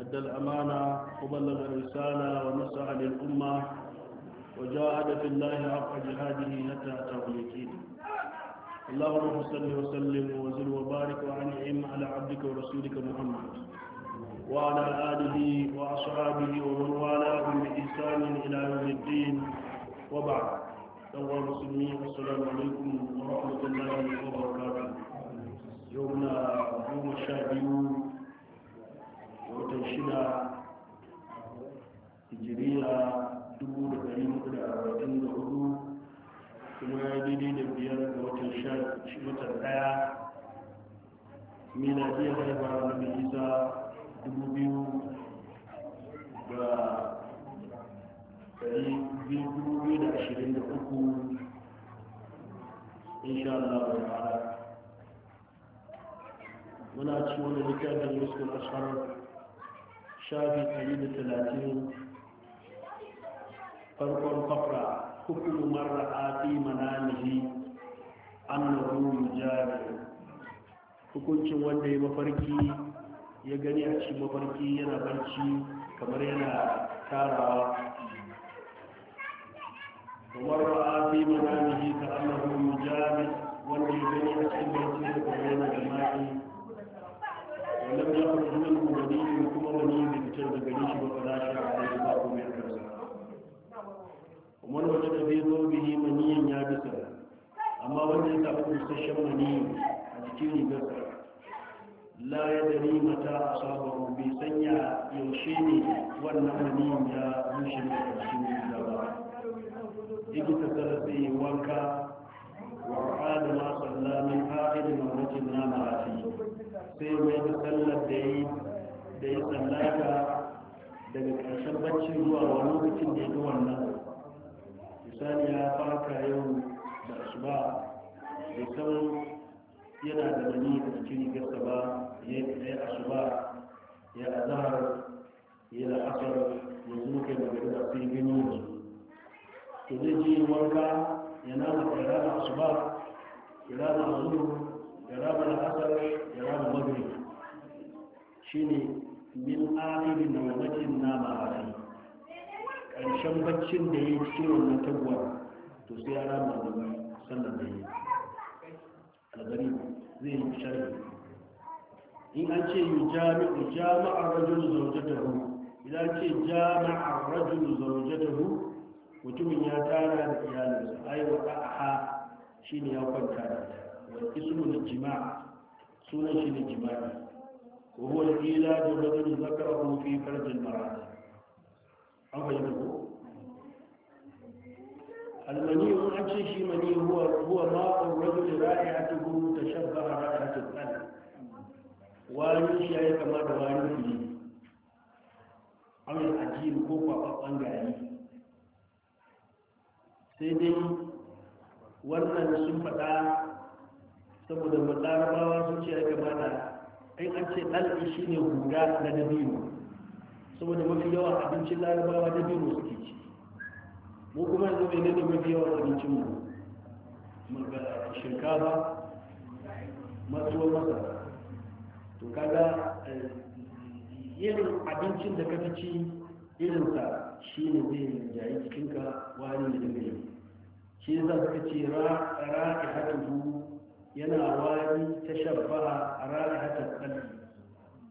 أدى الأمانة وبلغ الرسالة ونصح للأمة وجاهد في الله حق جهاده حتى أتاه اليقين اللهم صل وسلم وزل وبارك وأنعم على عبدك ورسولك محمد وعلى آله وأصحابه ومن والاه بإحسان إلى يوم الدين وبعد الله المسلمين والسلام عليكم ورحمة الله وبركاته يومنا يوم الشاهدين watan shida hijiriya hudu kuma ya daidai da biyar ga watan watan daya miladiyar haifar da isa 2000 ga uku, insha Allah ta'ala muna ci wani littafin yusuf al-ashar shafi talatin farkon fafra hukun marar an na ruru jari hukuncin wanda ya mafarki ya gani a cikin mafarki yana barci kamar yana tarawa kamar ra'a fi manamihi ka ruru jari wanda ya gani a cikin barci da kamar yana jama'i ولم يكن يخرج منه ولي كما ولي بكتر بقريش وفلا شيء عليه الله من كرسا ومن وجد في ثوبه منيا يابسا أما وجد تأخذ مستشم مني أجتيني بسا لا يدري متى أصابه بسنيا يوشيني وأن مني يا يوشيني يوشيني الله إذا تسرسي وانكا وعاد ما صلى من آخر مرة نام عليه sai mai da sallar da yi da ya sallaka daga ƙarshen bacci zuwa wani lokacin da ya ga wannan misali ya farka yau da asuba da san yana da mani da cikin gasa ba ya yi su ba, ya azahar ya da asar ya zo kai da da sai gani yanzu to zai je wanka ya su ba asuba ƙirana zuwa ya raba na asar ya magri shi ne min ahiri na mamacin na ma'ari ƙarshen baccin da ya yi cikin wannan taguwar to sai ya raba wani sannan da ya yi zai yi sharhi in an ce yi jami'u jama'ar rajul zaujatahu idan ce mutumin ya tara da iyalinsa aiwa aha shine ya kwanta da ta ismun jima sunan shi ne jima'i wa huwa al-ila da rajul zakarahu fi farjin mar'ati an bayyana ko المني أكشي شي مني هو هو ماء الرجل رائحته تشبه رائحة الأن واني شي أي كما دواني فيه أو العجيب كوفا أبقان غاري سيدي wannan sun faɗa saboda larabawa sun ce ya kamata ai an ce ɗal'i shi ne hura na dabino saboda mafi yawa abincin larabawa dabino suke ci mu kuma yanzu mai nane mafi yawan abincin mu shinkafa matsuwar masa, to kaga eh, irin abincin da ka fi ci irinsa shi ne zai jayi cikinka wani da dinga yi shi yasa suka ce ra'a hatuhu yana wari ta shabbaha a ranar hatar kalbi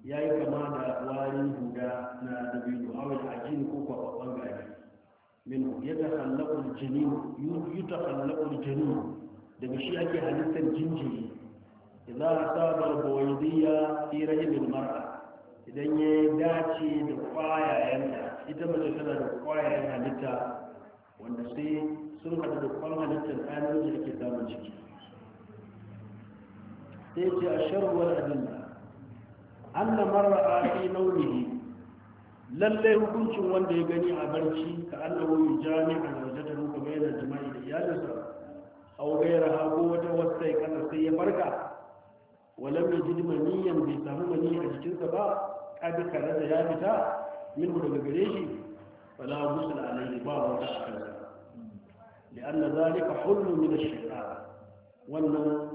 ya yi kama da wari guda na dabino awon ajin ko kwakwaban gari minu ya ta hallakul jini yi ta hallakul jini daga shi ake halittar jinjiri idan a sabar boyidiyya fi rahimin mara idan ya dace da da ita mace tana da kwayayen halitta wanda sai sun hada da kwan halittar ainihin da ake samun ciki sai ce a sharwar adilla an na marar fi ne, lallai hukuncin wanda ya gani a barci ka annahu yi jami'a na wajen da muka bayyana jima'i da iyalinsa au gaira hago wata wasta kana sai ya barka, walam yajid maniyan bai samu mani a jikinsa ba kadi kare da ya fita minhu daga gare shi fala gusul alaihi ba wata akan sa li'anna zalika hulmu min ash-shaytan wannan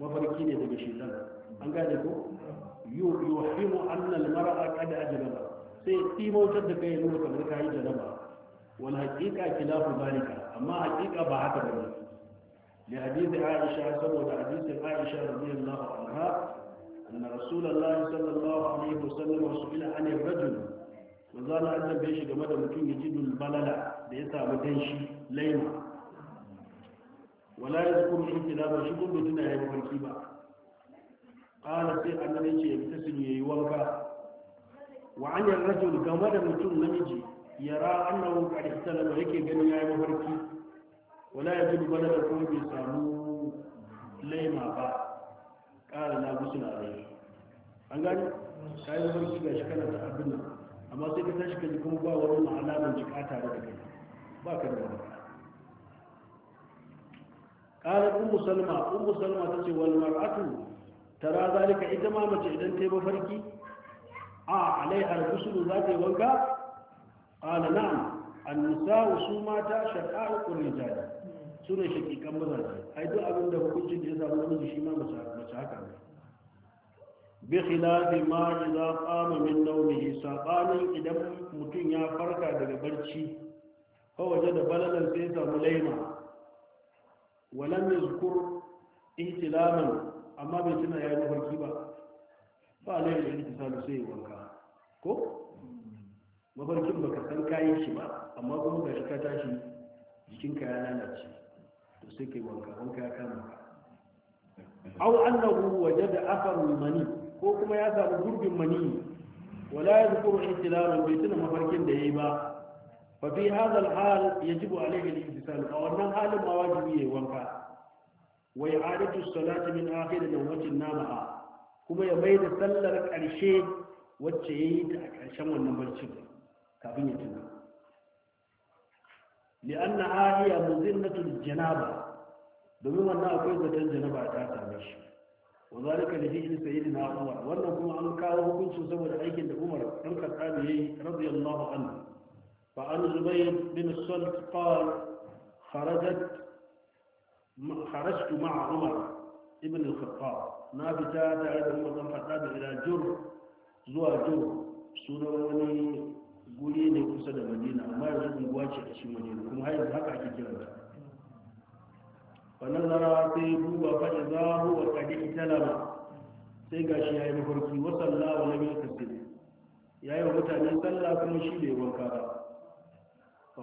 mafarki ne daga shaitan an gane ko yuhimu anna almar'a qad ajnaba sai timautar da kai nuna kamar kai janaba wal haqiqa khilafu zalika amma haqiqa ba haka bane li hadith aisha saboda hadith aisha radiyallahu anha anna rasulullah sallallahu alaihi wasallam su'ila an ar-rajul manzo Allah an bai shi game da mutum yajidul balala da ya samu danshi laima wala ya zukuru in kila ba shi kun tuna ya yi wanki ba ƙala sai annabi ce ya fita su ya yi wanka wa an قد rajul game da mutum na ولا يجب annahu ƙarfi talaba yake ganin ya yi mafarki wala ya zubu bada da kuma bai samu laima ba mafarki ga shi abin amma sai ka tashi ka ji kuma ba wani mai jikata da kai ba ka da wani kalar umu salma umu ta ce wal mar'atu tara zalika ita ma mace idan ta yi mafarki a alai har gusulu za ta yi wanka kala na'am annisa su mata shar'a ne jari su ne shakikan mazaje ai duk abin da ya samu namiji shi ma mace haka ne bi khilafi ma idza qama min nawmihi saqalan idan mutum ya farka daga barci ko da balalan sai ya samu laima walam yazkur ihtilaman amma bai tuna ya yi mafarki ba ba lai da yanki salu sai wanka ko mafarkin ka san kayan shi ba amma kuma ga shi ka tashi jikinka ya lalace to sai kai wanka wanka ya kama ka aw annahu wajada afarul mani ko kuma ya samu gurbin mani wala yadhkuru ihtilaman bai tuna mafarkin da yayi ba ففي هذا الحال يجب عليه الامتثال او ان حال واجبيه وانك واعاده الصلاه من اخر نومه نامها كما يبيد صلاه قرشه وتشي تاكشن wannan barcin kafin ya tuna لان هي مذنه الجنابه domin wannan akwai zaton janaba ta وذلك لحديث سيدنا عمر وانكم عن كاو حكم سبب الايكن عمر ان كان رضي الله عنه فعن زبير بن الصلت قال خرجت خرجت مع عمر ابن الخطاب نابتا تعالى عمر بن الخطاب جر زوى جر سنوني guri ne kusa da madina amma yanzu unguwa ce a cikin madina kuma har haka ake kiran ta wannan zara sai duba fa idza huwa qad italama sai gashi yayi mafarki wa sallallahu alaihi wa sallam yayi wa mutane kuma shi bai wanka ba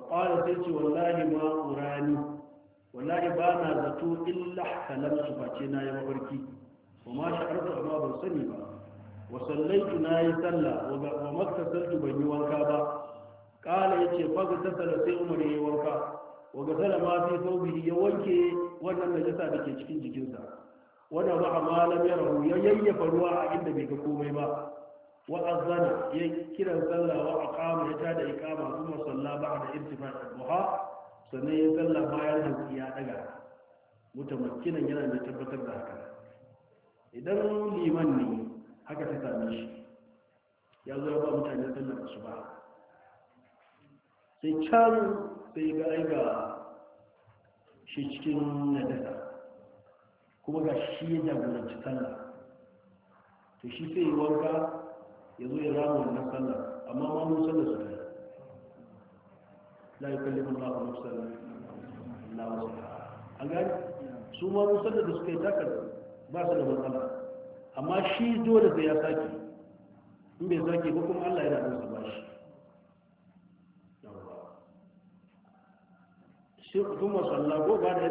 faƙwada sai ce wallahi ma ƙurani wallahi ba na zato illa kalamsu face na yi mafarki wa ma sha'arta amma ban sani ba wa sallaitu na yi sallah wa maktasartu ban yi wanka ba ƙala ya ce faga tattala sai umar ya yi wanka wa gasala ma fi saubihi ya wanke wannan najasa da ke cikin jikinsa Wannan ba a malam ya rahu ya yayyafa ruwa a inda bai ga komai ba wa azana ya kiran sallah wa aqama ya tada iqama kuma salla ba'da irtifa'i duha sannan ya salla bayan hanki ya daga mutamakkinan yana da tabbatar da haka idan liman ne haka ta same shi ya zo ba mutane su ba sai can sai ga aiga shi cikin nadasa kuma ga shi ya jagoranci sallah to shi sai wanka yanzu ya zama wannan sallah amma ma mun sallah su ne la mun yukallimu Allahu nafsan illa wus'aha an gani su ma mun sallah da suka yi takar ba su da matsala amma shi dole da ya sake in bai sake ba kuma Allah yana da su ba shi ثم صلى بعد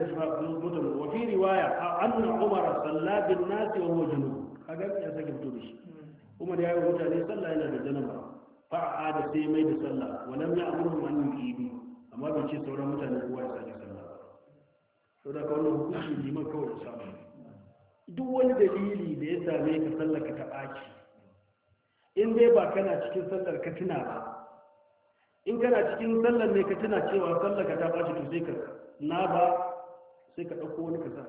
وفي رواية أن عمر صلى بالناس وهو جنوب هذا يسكت به umar ya yi wa mutane sallah yana da janaba fa'a da sai mai da sallah walam ya amuru man yuqidu amma ban ce sauran mutane kowa ya sake sallah to da kawai hukunci neman kawai da samu duk wani dalili da ya same ka sallah ka ta ki in dai ba kana cikin sallar ka tuna ba in kana cikin sallar ne ka tuna cewa sallar ka ta baki to sai ka na ba sai ka ɗauko wani ka sa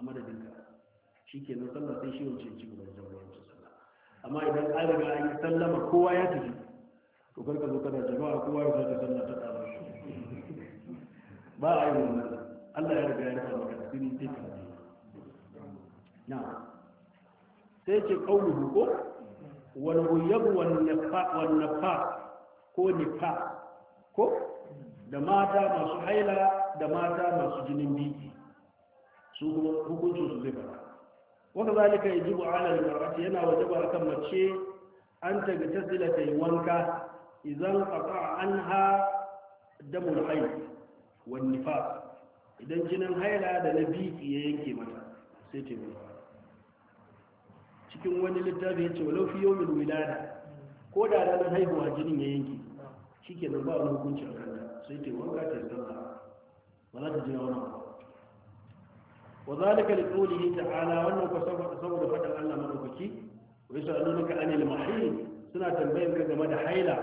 a madadinka shi ke nan sallar sai shi wance ci gaba da amma idan an riga an yi sallama kowa ya tafi to karka zo kana jama'a kowa ya ta sallama ta tsara ba a yi wannan Allah ya riga ya rufa maka asiri sai ka na sai ce kauluhu ko wal ghayyab wal nafa wal nafa ko nifa ko da mata masu haila da mata masu jinin biki su kuma hukuncin su zai fara waka zalika ya jibu alal mar'ati yana wajaba akan mace an ta ga tasila ta yi wanka idan an anha damun hayd wan nifas idan jinin haila da na biki ya yanke mata sai ta yi cikin wani littafi ya ce walau fi yawmin wilada ko da ranar haihuwa jinin ya yanke shikenan ba wani hukunci a kanta sai ta yi wanka ta yi sallah ba za ta jira wani abu wa zalika li qawlihi ta'ala wannan ko saboda fadan Allah madaukaki wa yasalunaka anil mahid suna tambayar ka game da haila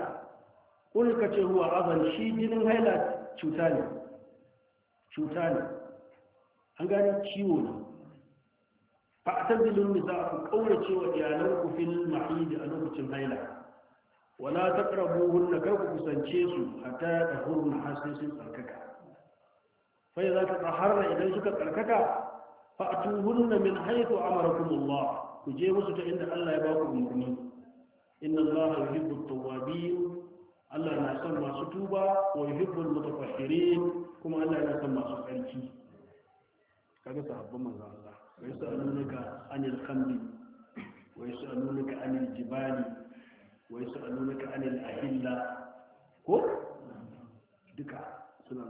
kul ka ce huwa azan shi jinin haila cuta ne cuta ne an gane ciwo ne fa atazilun nisa ku kaurace wa iyalanku fil mahid a lokacin haila wala taqrabuhunna kar ku kusance su hatta tahurna hasin sun tsarkaka fa idza taharra idan suka tsarkaka fa'atuhunna min haythu amarakumullah ku je musu ta inda Allah ya ba ku umarni inna Allah yuhibbu at-tawwabin Allah na son masu tuba wa yuhibbu al-mutatahhirin kuma Allah yana son masu tsarki kaga sahabban manzo Allah wa yas'alunaka anil khamri wa yas'alunaka anil jibali wa yas'alunaka anil ahilla ko duka suna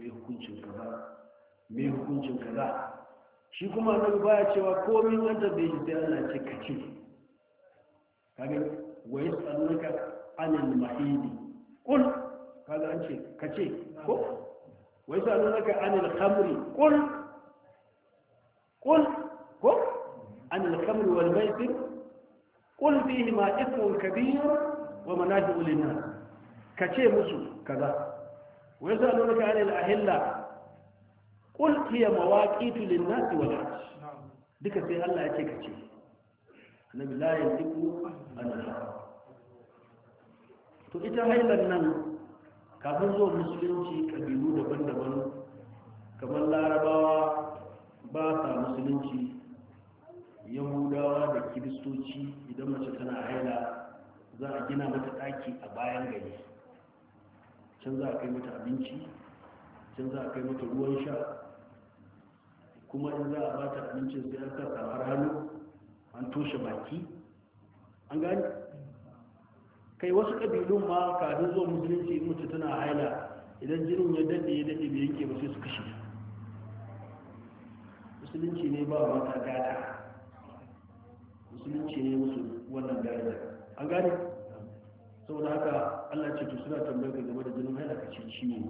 hukuncin mai hukuncin kaza shi kuma annabi baya cewa komai an da bai sai Allah ce ka ce kaga wa anan anil mahidi kul kaga an ce ka ce ko wai yas'alunaka anil khamri kul kul ko anil khamri wal maisir bihi ma ithmun kabir wa manafi'u lin-nas ka ce musu kaza wai yas'alunaka anil ahilla qul hiya mawaqitu nasi wal hajj duka sai Allah ya ce ka ce annabi la a anha to ita hailan nan kafin zuwa musulunci kabilu daban-daban kamar larabawa ba sa musulunci yahudawa da kiristoci idan mace tana haila za a gina mata ɗaki a bayan gari can za a kai mata abinci can za a kai mata ruwan sha kuma in za a ba ta abincin sai an kasa har hannu an toshe baki an gani kai wasu ƙabilun ma kafin zuwa musulunci mutu tana haila idan jinin ya daɗe ya daɗe bai yanke ba sai su kashe musulunci ne ba mata gata musulunci ne musu wannan daraja an gane saboda haka allah ce to suna tambayar ka game da jinin haila ka ce ciwo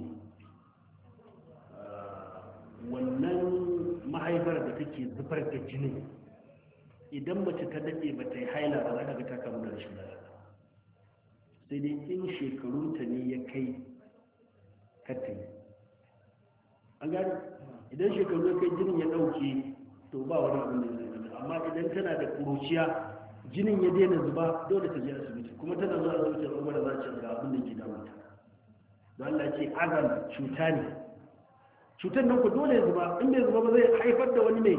ah, wannan mahaifar da take zubar da jini idan mace ta daɗe ba ta yi haila ba za ka ga ta kamu da rashin lafiya sai dai in ta ne ya kai ta yi an gani idan shekaru ya kai jinin ya ɗauke to ba wani abin da ya zai amma idan tana da kuruciya jinin ya daina zuba dole ta je asibiti kuma tana zuwa asibiti a ɓangaren za ta ga abin da ke damunta don Allah ce azan cuta ne cutar nan ku dole ya zuba inda zai haifar da wani mai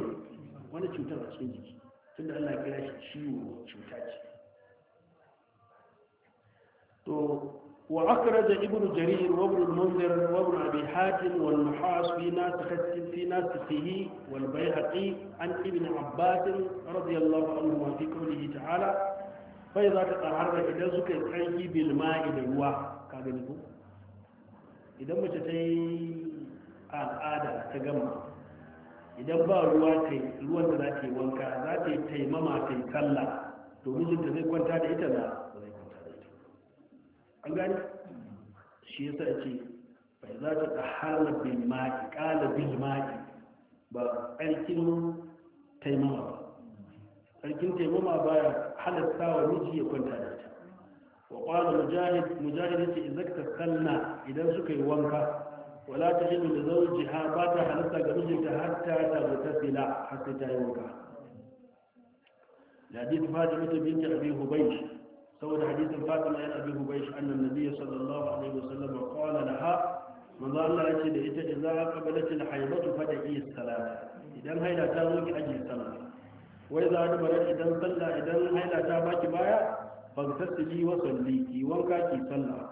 wani cutar a cikin jiki tun da allah kira shi ciwo cuta ce to wa akara da ibn jarir wa ibn munzir wa ibn abi hatim wal muhas fi an ibn abbas radiyallahu anhu wa fi qawlihi ta'ala fa idza taqarrara idan suka kai bil ma'i da ruwa kaga ni ko idan mace a al'ada ta gama idan ba ruwa ta ruwan da za ta yi wanka za ta yi taimama ta yi sallah to mijinta zai kwanta da ita na ba zai kwanta da ita an gani shi yasa ce bai za ta tsahara bin ma'i kala bin ma'i ba alkin taimama ba alkin taimama ba ya halatta wa miji ya kwanta da ita wa ƙwada mujahid mujahid ya ce idan suka yi wanka wala ta hidu da jiha ba ta halatta ga mijinta hatta ta mutasila har sai ta yi wanka da hadith fatima binti abi hubaysh saboda hadisin hadithin fatima yana abi hubaysh annan nabiyyi sallallahu alaihi wasallam qala laha manzo Allah ya ce da ita za idza qabalat al-haydatu fada'i as-salata idan haila ta zo ki aje sallah wai za ni barar idan sallah idan haila ta baki baya fa tasbi wa salli ki wanka ki sallah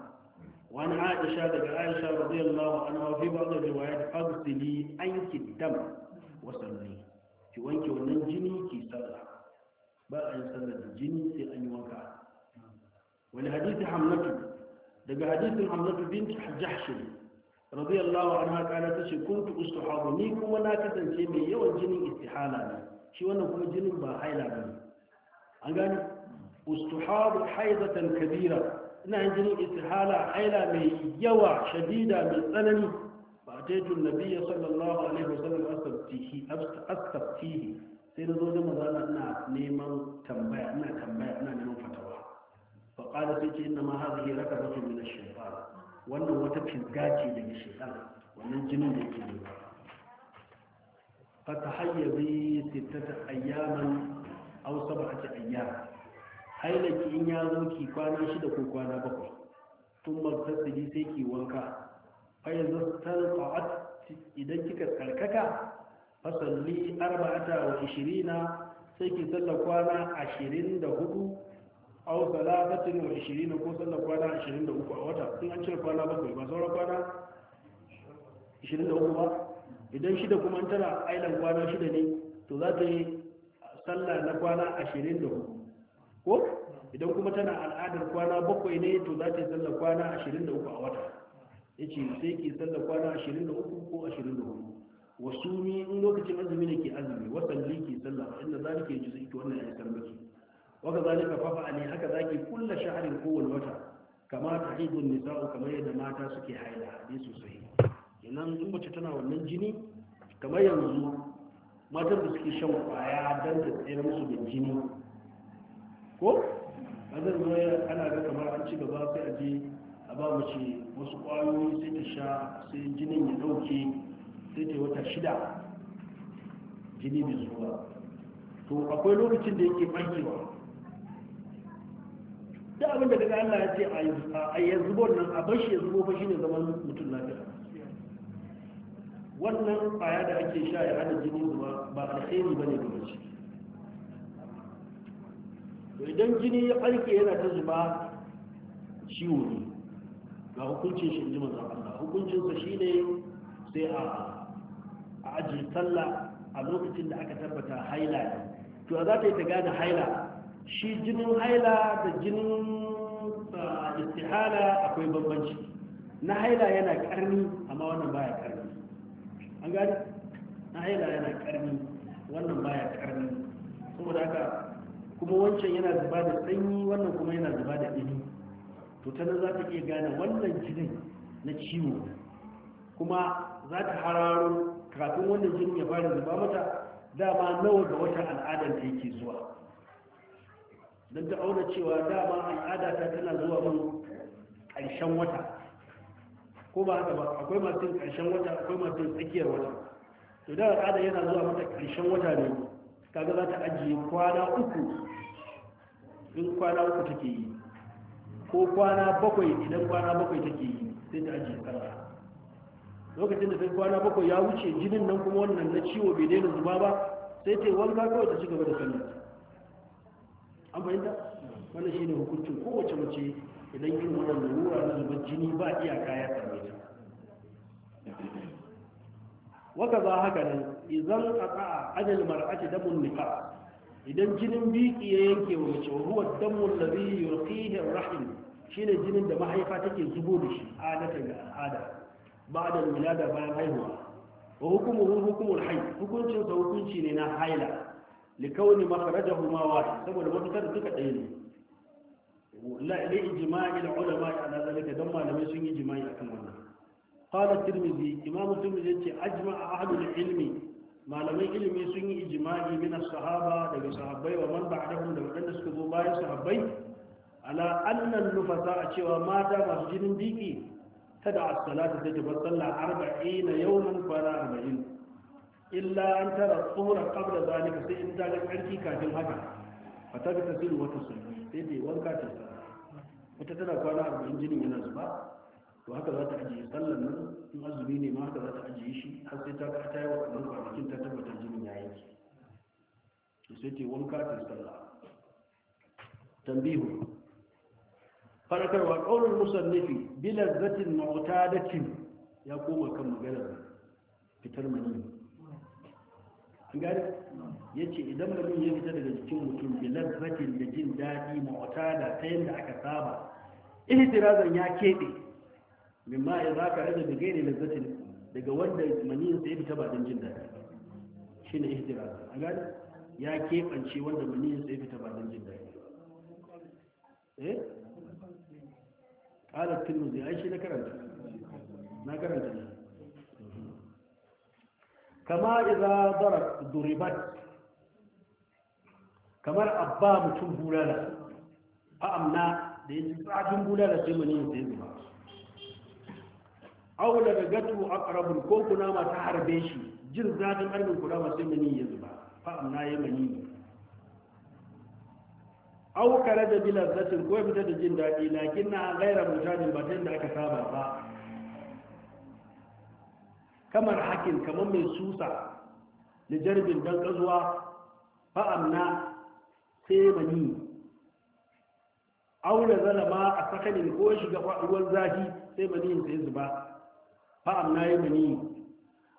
wani aisha daga aisha radiyallahu anha fi ba'd riwayat fagsili anki dam wa salli ki wanke wannan jini ki sallah ba a yi sallar jini sai an yi wanka wani hadisi hamlatu daga hadisin hamlatu bint jahsh radiyallahu anha kana tace kuntu ustuhabu ni kuma na kasance mai yawan jinin istihala ne shi wannan kuma jinin ba haila bane an gani ustuhabu kabira ina yin jinin istihala haila mai yawa shadida mai tsanani ba ta yi junnabi ya sallallahu alaihi wasallam astaftihi sai na zo da mazana ina neman tambaya ina tambaya ina neman fatawa fa qala sai ce inna ma hadhihi rakabatu min ash-shaytan wannan wata fisga ce daga shaytan wannan jinin da yake zuwa fa tahayyabi sittata ayyaman aw sab'ati ayyam hailaki in ya zo ki kwana shida ko kwana bakwai tun martasiri sai ki wanka faya zartar fa'at idan kika tsarkaka fasalli arba'ata wa ishirina sai ki tsalla kwana ashirin da hudu a wata lafatin wa ishirina ko tsalla kwana ashirin da uku a wata sun an cire kwana bakwai ba sauran kwana ashirin da uku ba idan shida kuma an tara ailan kwana shida ne to za ta yi tsalla na kwana ashirin da hudu ko idan kuma tana al'adar kwana bakwai ne to za ta yi sallar kwana ashirin da uku a wata ya ce sai ke sallar kwana ashirin da uku ko ashirin da hudu wasu ni in lokacin azumi ne ke azumi zai ke sallah inda za ke ji ita wannan ya isar miki waka zalika fafa ne haka za ki kulla sha'arin kowane wata kama ta haidun nisa'u kamar yadda mata suke haila ne sosai kenan in mace tana wannan jini kamar yanzu matan da suke shan kwaya don ta tsere musu da jini ko ba zan zo ana ga kamar an ci gaba sai a je a ba mace wasu kwayoyi sai ta sha sai jinin ya dauke sai ta wata shida jini bai zuwa to akwai lokacin da yake bankewa da abin da daga Allah ya ce a ya zubo nan a bashi ya zubo fa shine zaman mutum lafiya wannan kwaya da ake sha ya hana jini zuwa ba alheri bane ga mace to idan jini ya farke yana ta zuba ciwo ne ga hukuncin shi ji manzan Allah hukuncinsa shi ne sai a aji sallah a lokacin da aka tabbata haila ne to za ta yi ta gane haila shi jinin haila da jinin istihala akwai bambanci na haila yana karni amma wannan baya karni an gani na haila yana karni wannan baya karni kuma da haka kuma wancan yana zuba da sanyi wannan kuma yana zuba da ɗini to ta za ta iya gane wannan jinin na ciwo kuma za ta hararo kafin wannan jinin ya fara zuba mata dama nawa da wata al'adar ta yake zuwa don ta auna cewa dama al'ada ta tana zuwa mun ƙarshen wata ko ba haka ba akwai masu ƙarshen wata akwai masu tsakiyar wata to da al'ada yana zuwa mata ƙarshen wata ne kaga za ta ajiye kwana uku in kwana uku take yi ko kwana bakwai idan kwana bakwai take yi sai ta ajiye sallah lokacin da sai kwana bakwai ya wuce jinin nan kuma wannan na ciwo bai daina zuba ba sai ta yi wanka kawai ta ci gaba da sallah an fahimta wannan shine hukuncin kowace mace idan irin wannan lura na zubar jini ba iyaka ya tsare ta waka za haka nan idan a tsa'a ajal mar'ati damun nika idan jinin biki ya yanke wa mace wa huwa damun labi yurqihi rahim shine jinin da mahaifa take zubo da shi adatan ga al'ada ba'da wilada bayan haihuwa wa hukumu al hayy hukuncin sa hukunci ne na haila likauni makhrajahu ma wa saboda mafitar duka ɗaya ne la ijma'il ulama ala zalika dan malamai sun yi jima'i akan wannan قال الترمذي إمام الترمذي أجمع أهل العلم ما لم يلم سن إجماع من الصحابة لدى صحابي ومن بعدهم لدى أن سكبوا باي صحابي على أن النفساء شوى ما دام جن ديكي تدع الصلاة تجب صلى أربعين يوما فلا أربعين إلا أن ترى الطهر قبل ذلك سئن ذلك عركي كاتم هكا فتغتسل وتصلي سيدي وانكاتم وتتنى فلا أربعين جن من الصلاة to haka za ta ajiye sallar nan in azumi ne ma haka za ta ajiye shi har sai ta ta yi ɗan kwanakin ta tabbatar jinin ya yanki to sai ce wanka ta sallah tambihu farakarwa ƙaunar musannifi da mu'tadatin ya koma kan maganar fitar mani gani ya ce idan mani ya fita daga jikin mutum zatin da jin daɗi da ta yadda aka saba ihtirazan ya keɓe mimma ya za ka rage da gairi lazzatin daga wanda maniyin sai fita ba don jin daɗi shi ne ihtira a gani ya keɓance wanda maniyin sai fita ba don jin daɗi eh ƙalar tilmuzi ai shi na karanta na karanta ne kama iza darar duribat kamar abba mutum bulala amna da ya ji tsafin bulala sai maniyin sai zuba aw daga gatu aqrabul ko kunama ta harbe shi jin zafin harbin ma sai mani ya zuba fa amma ya mani aw da bila lazzatin ko ya fita da jin daɗi lakinna ghaira mutajin ba ta aka saba ba kamar hakin kamar mai susa da jarbin dan kazuwa fa amma sai mani aw da zalama a sakanin ko shiga ruwan zafi sai mani sai zuba fa'am na yi mani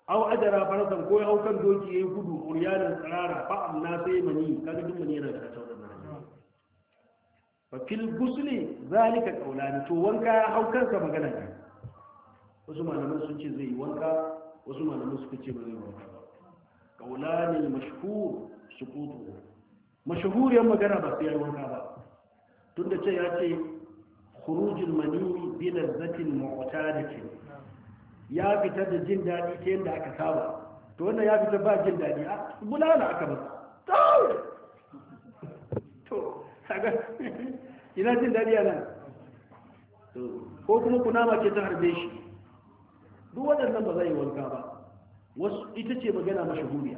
au ajara farasan ko ya hau kan doki ya yi gudu uryanin tsarara fa'am na sai mani kaga duk mani yana da kacau da nan fa fil gusli zalika ne to wanka ya hau kansa magana ne wasu malaman sun ce zai yi wanka wasu malaman suka ce ba zai wanka kaula ne mashhur sukutu mashhuriyar magana ba su yi wanka ba tunda ce ya ce khurujul mani bi lazzatin mu'tadatin ya fita da jin daɗi ta yadda aka saba to wannan ya fita ba jin daɗi a bulala aka ba to kaga ina jin daɗi a nan ko kuma kunama ce ta harbe shi duk waɗannan ba za yi wanka ba wasu ita ce magana mashahuriya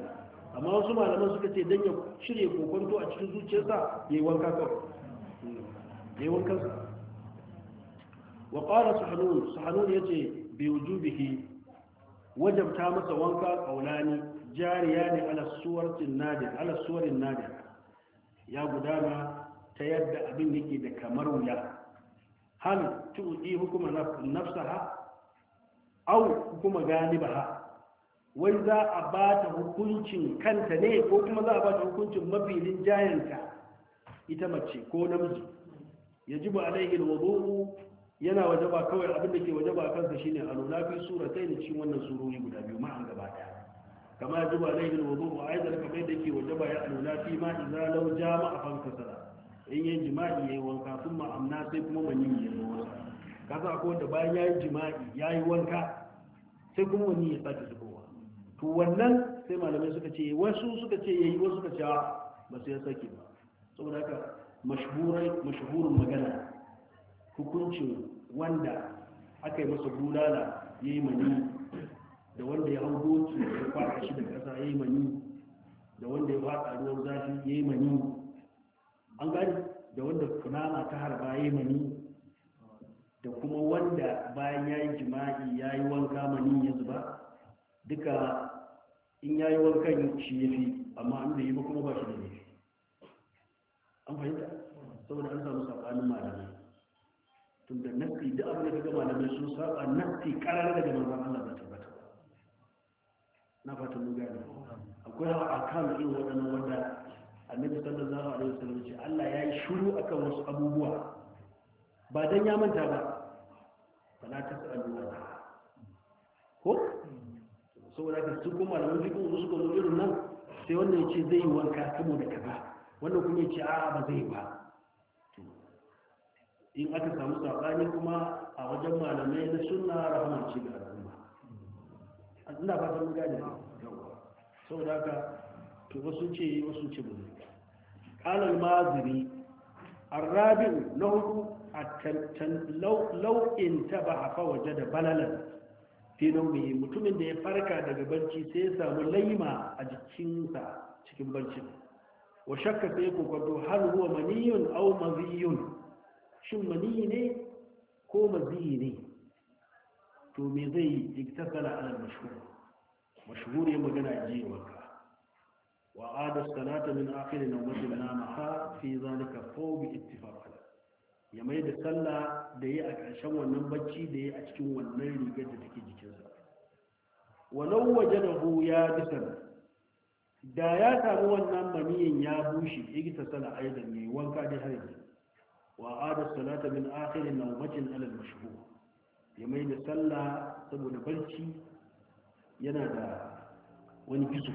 amma wasu malaman suka ce don ya shirya kokonto a cikin zuciyarsa ya yi wanka kawai ya yi wankansa wa ƙara suhanun suhanun ya ce bi wujubihi wajabta masa wanka kaulani jariya ne ala suwarin nadir ala suwarin nadir ya gudana ta yadda abin yake da kamar wuya hal tu'i hukuma nafsaha au hukuma ha! wai za a ba ta hukuncin kanta ne ko kuma za a ba ta hukuncin mafilin jayanta ita mace ko namiji yajibu alaihi alwudu yana waje ba kawai abin da ke waje ba kansa shine a nuna fi sura yi cikin wannan surori guda biyu ma an gaba ɗaya kama ya zuba laifin a wa aizar kamar yadda ke waje ba ya nuna fi ma ja ma a fanka sara in yin jima'i ya yi wanka sun amna sai kuma maniyyi ya zo wasa sa ko da bayan ya yi jima'i ya yi wanka sai kuma wani ya sake zubowa to wannan sai malamai suka ce wasu suka ce ya yi wasu suka ce ba su ya sake ba saboda haka mashahurin magana hukuncin wanda aka yi masa bulala ya yi mani da wanda ya hau doki ya kwata shi da ƙasa ya yi mani da wanda ya fata ruwan zafi ya yi mani an gani da wanda kunama ta harba ya yi mani da kuma wanda bayan ya yi jima'i ya yi wanka mani ya zuba duka in ya yi wankan shi ya fi amma an da yi ba kuma ba shi da ne an fahimta saboda an samu saɓanin malamai tunda nafi da abin da ga malamai sun saba nafi karar daga manzon Allah ba tabbata na fata mun gane akwai akan irin waɗannan wanda annabi sallallahu alaihi wasallam ce Allah ya yi shiru akan wasu abubuwa ba dan ya manta ba fala tasalu ko saboda ka su kuma malaman kuma su kuma irin nan sai wannan ya ce zai yi wanka saboda kaza wannan kuma ya ce a'a ba zai ba in aka samu sabani kuma a wajen malamai na suna rahama ce ga al'umma ina ba ta mun gane yawa saboda haka to wasu ce wasu ce mu qala al-maziri الرابع نوع لو انتبه da بللا fi naumihi mutumin da ya farka daga barci sai ya samu laima a jikinsa cikin barcin wa shakka sai kokonto har ruwa maniyun au maziyun shin maniyi ne ko maziyi ne to me zai yi iktakala ala mashhur mashhur ya magana ji wanka wa ada salata min akhir nawmati namaha fi zalika bi ittifaq ya mai da sallah da yi a ƙarshen wannan bacci da yi a cikin wannan rigar da take jikinsa walau waje da ya bisan da ya samu wannan maniyan ya bushe igita sana aidan mai wanka da har وعاد الصلاة من آخر نومة على المشهور يمين sallah saboda barci yana da wani gizo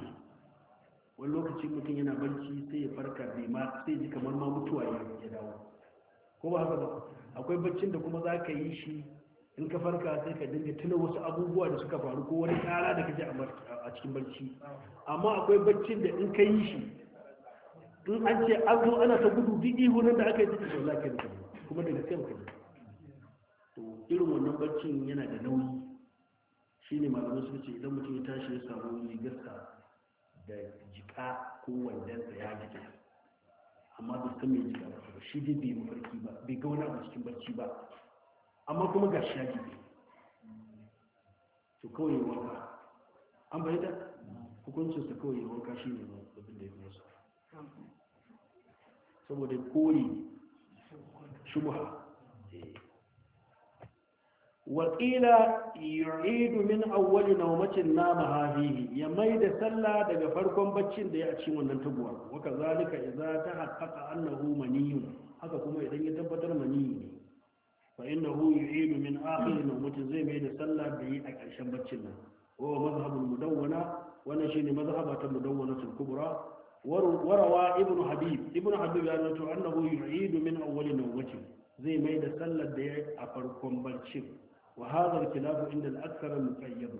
wani lokacin mutum yana barci sai ya farka bai ma sai ji kamar ma mutuwa ya dawo ko ba haka ba akwai baccin da kuma za ka yi shi in ka farka sai ka dinga tuna wasu abubuwa da suka faru ko wani kara da kaje a cikin barci amma akwai barcin da in ka yi shi in an ce an zo ana ta gudu duk nan da aka yi cikin da ke da kuma daga kan ka to irin wannan barcin yana da nauyi shine malamai suka ce idan mutum ya tashi ya samu rigarsa da jika ko wandansa ya jike amma bai san mai jika ba shi dai bai mafarki ba bai ga wani abu cikin barci ba amma kuma ga shi ya jike to kawai ya wanka an bayyana hukuncinsa kawai ya wanka shi ne abin da ya fi masa saboda kori shubha wakila yu'idu min awwali nawmatin nama hafihi ya mai da sallah daga farkon baccin da ya ci wannan tabuwa waka zalika idza haqqaqa annahu maniyun haka kuma idan ya tabbatar maniyi ne fa innahu yu'idu min akhir nawmatin zai mai da sallah da yi a ƙarshen baccin nan wa mazhabul mudawwana wannan shine mazhabatul mudawwana mudawwanatul kubra warawa ibnu habib ibnu habib ya rawaito annahu yu'idu min awwali zai mai da sallar da yayi a farkon barcin wa hadha al-khilafu inda al-akthar al-muqayyad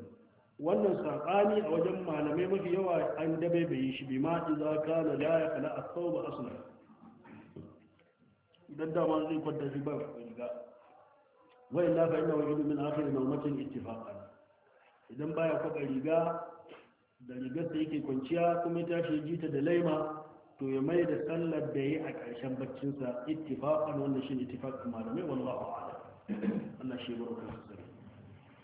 wannan sabani a wajen malamai mafi yawa an dabe bai shi bi ma idza kana la yaqla as-sawb aslan idan zai kwanta shi ba riga idan baya kwaba riga da rigarsa yake kwanciya kuma tashi jita da laima to ya mai da sallar da ya a ƙarshen baccinsa ittifaqan wanda shi ne ittifaqan malamai a a'lam Allah shi su sosai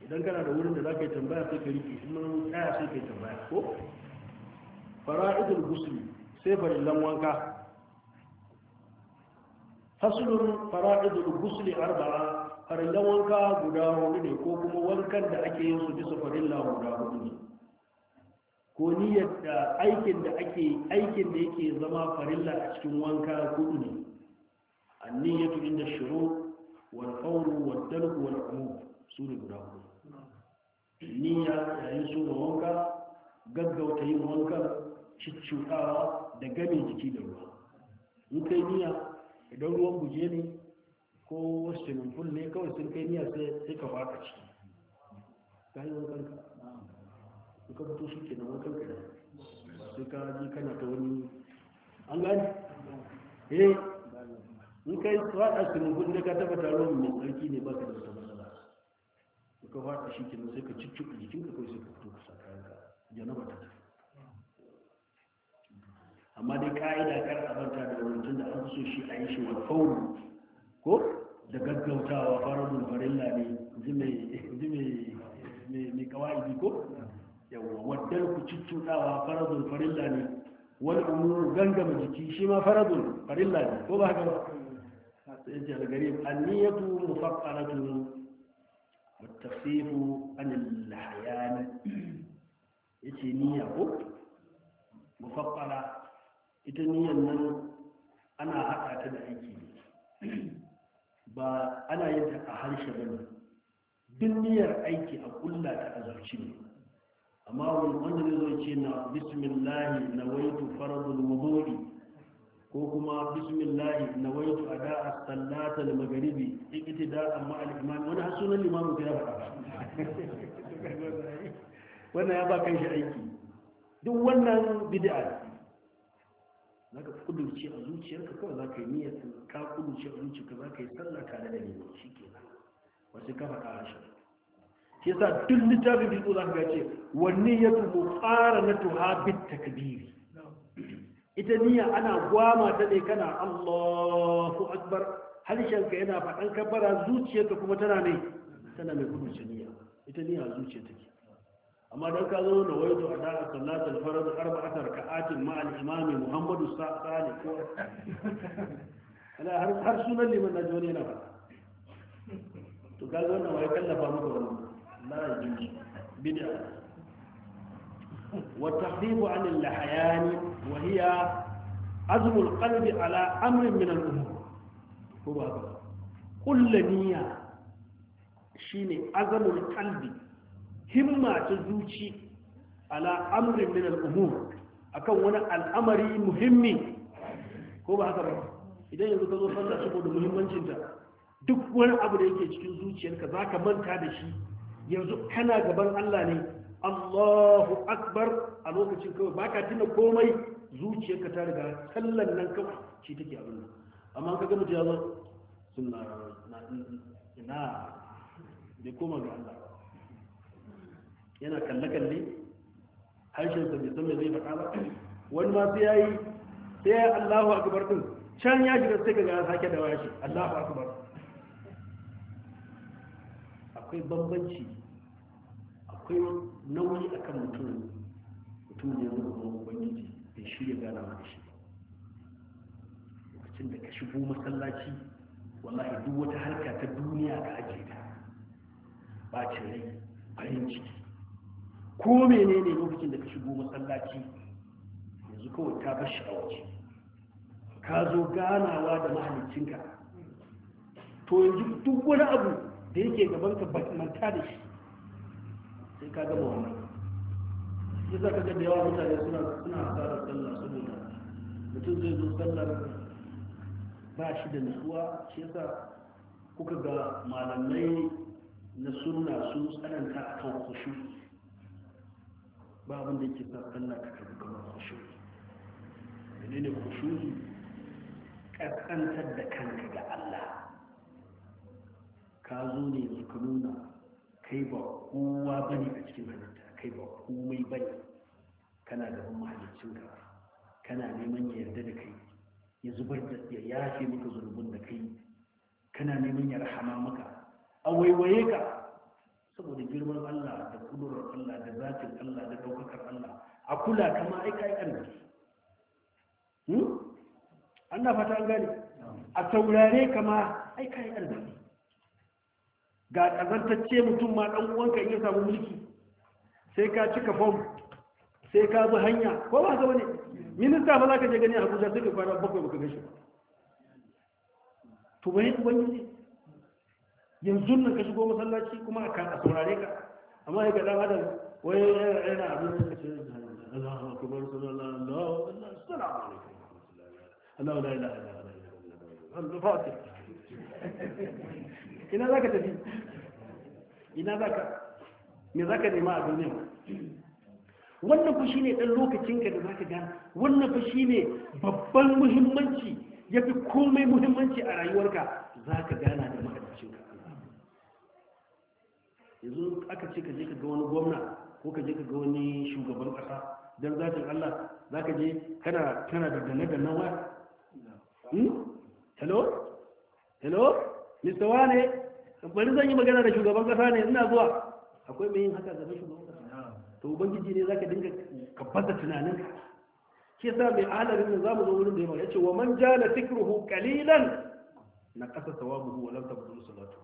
idan kana da wurin da za ka yi tambaya sai ka riƙe in mun tsaya sai ka yi tambaya ko fara'idul ghusl sai farillan wanka fasulun fara'idul ghusl arba'a farillan wanka guda hudu ne ko kuma wankan da ake yin su bisa farilla guda hudu ne ko niyyar da aikin da ake aikin da yake zama farilla a cikin wanka kudu ne anniyatu inda shuru wal qawlu wal dalu wal umum su ne guda hudu niyya yayin su da wanka gaggauta yin wanka cicciwa da game jiki da ruwa in kai niyya idan ruwan guje ne ko wasu pool ne kawai sun kai niyya sai ka fara ciki Ta yi wankanka in ka fito shi ke nan kanka da sai ka ji kana ta wani an gani eh in kai fada sunubun da ka taba taro mai tsarki ne baka da wata matsala in ka fada shi ke nan sai ka cicciɓa jikinka kawai sai ka fito ka sa kayanka janaba ta tafi amma dai ka'ida kar a banta da rubutun da an so shi a yi shi wa faulu ko da gaggautawa faradun farilla ne ji mai kawai ko yawa waddal ku cuccuɗawa faradun farilla ne wani umuru gangama jiki shi ma faradun farilla ne ko ba haka ba sai ce al-garib an-niyatu mufaqqaratun والتخفيف عن الحيان yace niyya ko mufakkara ita niyyar nan ana haɗa ta da aiki ba ana yin ta a harshe ba ne duk aiki a kulla ta amma wanda zai zo ce na bismillahi na waitu faradul wudu'i ko kuma bismillahi na waitu a da'a sallatar magaribi ikiti da amma al'imam wani har sunan limamu ya faɗa wannan ya ba kan shi aiki duk wannan bid'a za ka kudurce a zuciyarka kawai za ka yi niyyar ka kudurce a zuciyarka za ka yi sallah tare da neman shi kenan wasu kafa ƙara shi shi yasa duk littafin biyu za ka ce wanne ya tuhu tsara na tuha bit takbiri ita niyya ana gwama ta ne kana Allahu akbar harshenka yana faɗan kabara zuciyarka kuma tana ne tana mai gudu niyya ita niyya zuciya take amma dan ka zo na wayo a da'a sallat al-farz arba'at rak'atin ma al-imam Muhammad sallallahu ko ala har har sunan liman najwani na ba to ga wannan wayo kallafa muku wannan marajin bid'a والتخفيف عن اللحيان وهي عزم القلب على أمر من الأمور هو كل نية شيني عزم القلب همة تزوجي على أمر من الأمور أكون muhimmi الأمر هو هذا idan yanzu ka zo sallah saboda muhimmancinta duk wani abu da yake cikin zuciyarka za ka manta da shi yanzu kana gaban Allah ne Allahu akbar a lokacin kawai baka tuna komai zuciyarka ta riga sallan nan kawai shi take abin nan amma ka ga mutum ya zo suna na ina da koma ga Allah yana kalle kalle harshen sa bai san me zai faɗa ba wani ma sai yayi sai Allahu akbar din can ya shiga sai ka ga sake da washi Allahu akbar akwai bambanci akwai nauyi akan mutum mutum ne zuwa kuma ubangiji bai shirya gana maka shi lokacin da ka shigo masallaci wallahi duk wata harka ta duniya ka ajiye ta ne rai farin ciki ko menene lokacin da ka shigo masallaci yanzu kawai ta bar shi a waje ka zo ganawa da mahalicinka to yanzu duk wani abu da yake gaban ka ba manta da shi sai ka gama wannan sai za ka ga da yawa mutane suna suna tsara sallah saboda mutum zai zo sallar ba shi da nutsuwa shi yasa kuka ga malamai na sunna su tsananta a kan kushu ba abin da yake sa sallah ka karbi kamar kushu menene kushu ƙasƙantar da kanka ga Allah ka zo ne ne ka nuna kai ba kowa ba ne a cikin halitta kai ba komai ne. kana da mahalicin ka kana neman ya yarda da kai ya zubar da ya yafe maka zurbin da kai kana neman ya rahama maka a waiwaye ka saboda girman Allah da kudurar Allah da zatin Allah da daukakar Allah a kula kama aika aikan hmm? da Allah fata an gane a taurare kama aika yi da ga ƙazantacce mutum ma ɗan uwanka in ya samu mulki sai ka cika fom sai ka bi hanya ko ba haka ne minista ba za ka je gani a abuja sai ka kwana bakwai baka gashi to bai bayan ne yanzu nan ka shigo masallaci kuma a kan a saurare ka amma ya ga dan adam wai yana abin da kace Allahu akbar sallallahu alaihi wa sallam assalamu alaikum Allahu la ilaha illa Allah al-fatih ina zaka tafi ina za ka me za ka nema a duniya wannan fa ne ɗan lokacin ka da za ka gana? wannan fa ne babban muhimmanci ya fi komai muhimmanci a rayuwarka za ka gana da mahaifinka yanzu aka ce ka je ka ga wani gwamna ko ka je ka ga wani shugaban ƙasa don zatin Allah za ka je kana kana da gane da nawa hello hello mr wane bari zan yi magana da shugaban kasa ne ina zuwa akwai mai yin haka gaban shugaban kasa to ubangiji ne zaka dinga kabbar da tunaninka ke sa mai alarin da zamu zo wurin da ya ce wa man jala fikruhu qalilan na kasa sawabuhu wa lam tabdul salatu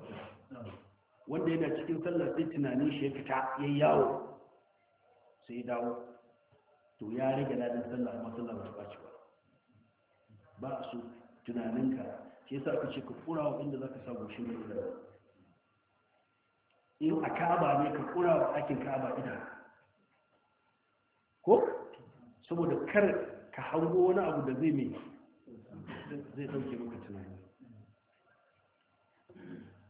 wanda yana cikin sallah sai tunanin shi ya fita yayi yawo sai ya dawo to ya rage ladin sallah amma sallah ba ta ba ba su tunaninka ke sa ka ce ka kura wa inda zaka sa goshin da in a kaba ne ka kura wa ɗakin kaba idan. ko saboda kar ka hango wani abu da zai mai zai ɗauke maka tunani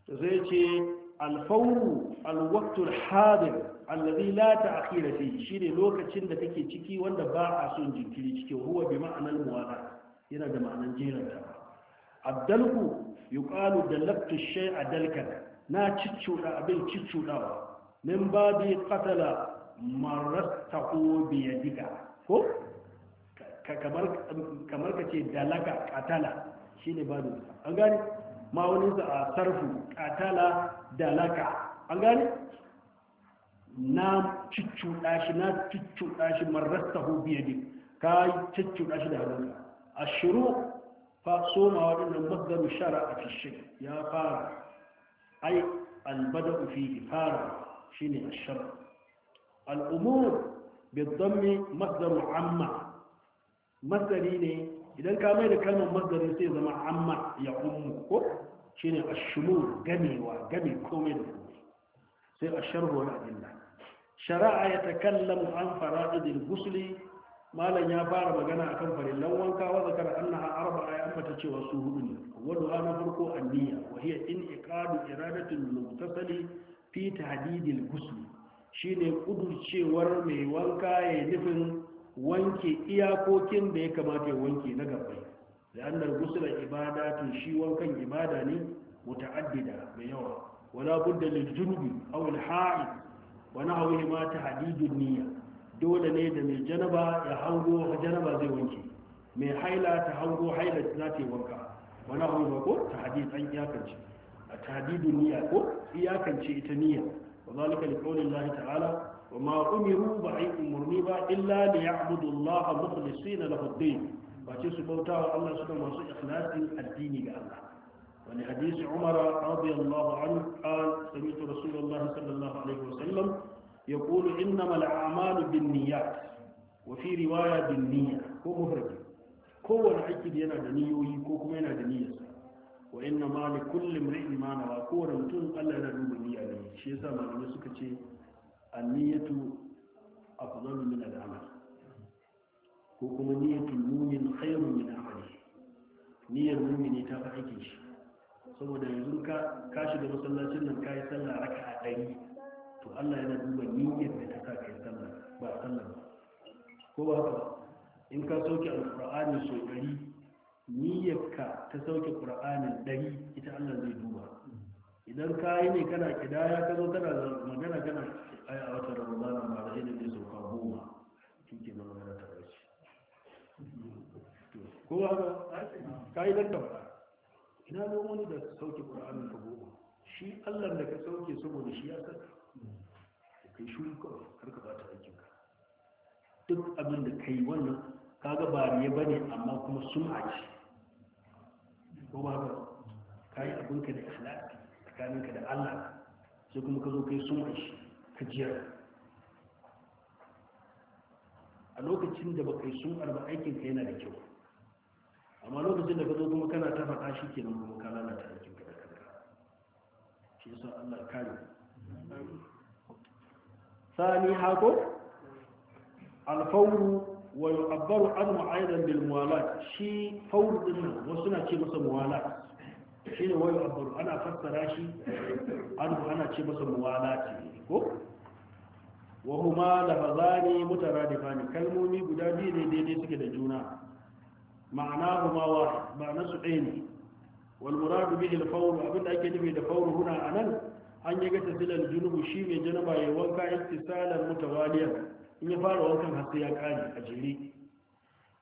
zai ce alfauru alwaktul hadir allazi la ta'khira fi shine lokacin da take ciki wanda ba a son jinkiri ciki huwa bi ma'anan muwala yana da ma'anar jiranta abdalku yuqalu dalaktu shay'a dalkan na ciccuɗa abin ciccuɗawa min babi katala biya diga ko kamar ka ce dalaka katala shine babu an gane ma'auninsa a sarfu katala dalaka an gane na ciccuɗa shi na ciccuɗa shi marastahu biyadika ka ciccuɗa shi da hannunka a shiru fa soma ɗin nan shara a fishe ya fara أي البدء في إثارة شنع الشر الأمور بالضم مصدر عمى مصدرين إذا كان مين كلمة مصدر يصير زمان عمى يأمك شنع الشمول قمي وقمي كومي سيء الشر هو الله شرع يتكلم عن فرائض الغسل malam ya fara magana a kan farillan wanka wa zakara annaha arba'a ya ambata cewa su hudu ne awwaluha na farko anniya wa hiya in iqadu iradatin al fi tahdid al-ghusl shine kudurcewar mai wanka ya nufin wanke iyakokin da ya kamata ya wanke na gaba da annar ibada ibadatu shi wankan ibada ne muta'addida mai yawa wala budda lil-junubi aw al-ha'id wa nahwihi ma tahdidun niyya dole ne da mai janaba ya hango janaba zai wanke mai haila ta hango haila za ta yi wanka wani abu ko ta hadith an iyakance a ta tahdidun niyya ko iyakance ita niyya wa zalika li qawli Allah ta'ala wa ma umiru ba ay umurni ba illa li ya'budu Allah mukhlisina lahu ad-din ba ce su bauta wa Allah suna masu ikhlasin addini ga Allah wani hadisi Umar radiyallahu anhu qala sami'tu Rasulullahi sallallahu alaihi wa sallam يقول إنما الأعمال بالنيات وفي رواية بالنية هو مفرد كون أكيد ينا دنيوي كوكم ينا دنيا وإنما لكل امرئ ما نوى كون متون ألا ينا دوب النية عليه شيء سامع لما سكتي النية أفضل من العمل كوكم نية المؤمن خير من عمله نية المؤمن تفعيكي saboda yanzu ka shiga masallacin nan ka yi sallah Allah yana duba niyyar da ta kai sallah ba sallah ba ko ba haka in ka sauke alqur'ani so dari niyyarka ta sauke qur'ani dari ita Allah zai duba idan ka yi ne kana kidaya ka zo kana magana kana ai a wata ramadana ma da zai sauka goma kike na magana ta kai ko ba ka yi dan tabbata ina zo wani da sauke qur'ani ka goma shi Allah da ka sauke saboda shi ya saka kai shuru kawai karka ba ta aikin ka duk abin da kai wannan kaga ba ne ne amma kuma sun ce ko ba ka kai abin ka da ikhlasi tsakanin ka da Allah sai kuma ka zo kai sun shi ka jira a lokacin da ba kai sun arba aikin ka yana da kyau amma lokacin da ka zo kuma kana ta faɗa shi kenan kuma ka lalata aikin ka da kanka shi yasa Allah kare zani hako alfawru wa yu'abbaru anhu aidan bil muwalat shi fawr din wasu na ce masa muwalat shi ne wa ana fassara shi anhu ana ce masa muwalat ko wa huma lafazani mutaradifani kalmomi guda biyu ne daidai suke da juna ma'ana معناهما واحد معنى سعين والمراد ake الفور da fauru الفور a nan? an yi gata silar junubu shi mai janaba ya wanka istisalan mutawaliya in ya fara wankan hasu ya kare a jiri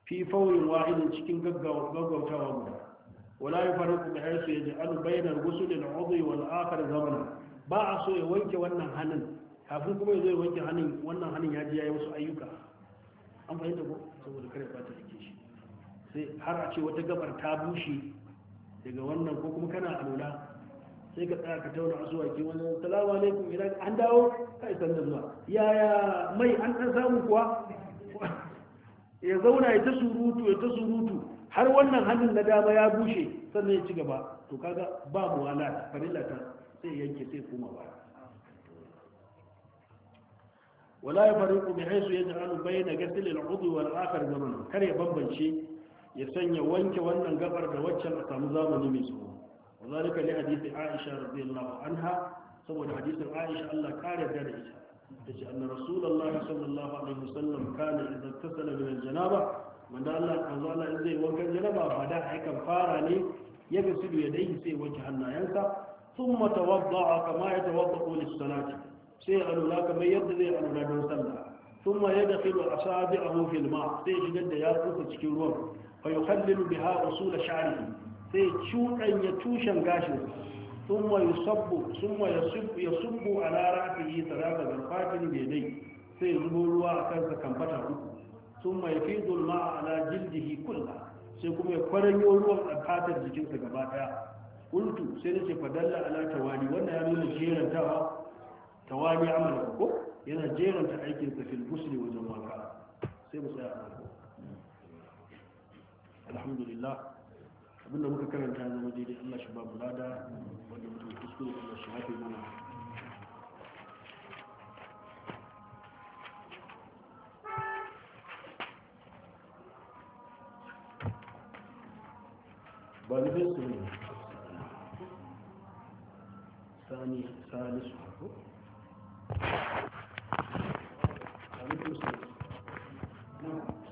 fi faurin wahidin cikin gaggautawa guda wala ya fara kuma ya su ya ji alu bayanar da uzuri wal akar zamana ba a so ya wanke wannan hannun kafin kuma ya zo ya wanke hannun wannan hannun ya ji ya yi wasu ayyuka an fahimta ko saboda kare ba ta rike shi sai har a ce wata gabar ta bushe daga wannan ko kuma kana alula sai ka tsaya ka tauna zuwa ke wani salamu alaikum ina an dawo kai da zuwa ya mai an ɗan samu kuwa ya zauna ya ta surutu ya ta surutu har wannan hannun na dama ya bushe sannan ya ci gaba to kaga ba mu wala farilla ta sai yanke sai kuma ba wala ya ku fariqu su haythu hannu bai na al-udwi wal akhar zaman kar ya bambance ya sanya wanke wannan gabar da waccan a samu zamani mai tsoro. zalika ni hadisi Aisha radiyallahu anha saboda hadisin Aisha Allah kare ta da ita tace anna rasulullahi sallallahu alaihi wasallam kana idan tasala min aljanaba manzo Allah kan zo Allah zai wankan janaba ba da hakan fara ne ya ga sudu ya hannayensa ثم توضع كما يتوضا للصلاه سيء الولا كما يدري الولا دون صلاه ثم يدخل اصابعه في الماء سيء جد يا cikin ruwan فيخلل بها اصول شعره sai ya tushen gashin sun wa sabbo sun wa ta yi rafihi da zarfatin bidai sai zubo ruwa a kansa kambata uku sun mai fi zulma a ala jildihi kullah sai kuma ya kwaranyo ruwan a fatar jikinsa gaba daya kuntu sai nace fadalla ala tawani wannan ya nuna jerantawa tawani amala ko yana jeranta aikin sa fil gusli wajen wanka sai mu tsaya alhamdulillah abinda muka karanta ya zama daidai Allah shi babu lada wanda mutum kuskure Allah shi hafi mana ba ni bai su ne sani sani su ko alaikum salam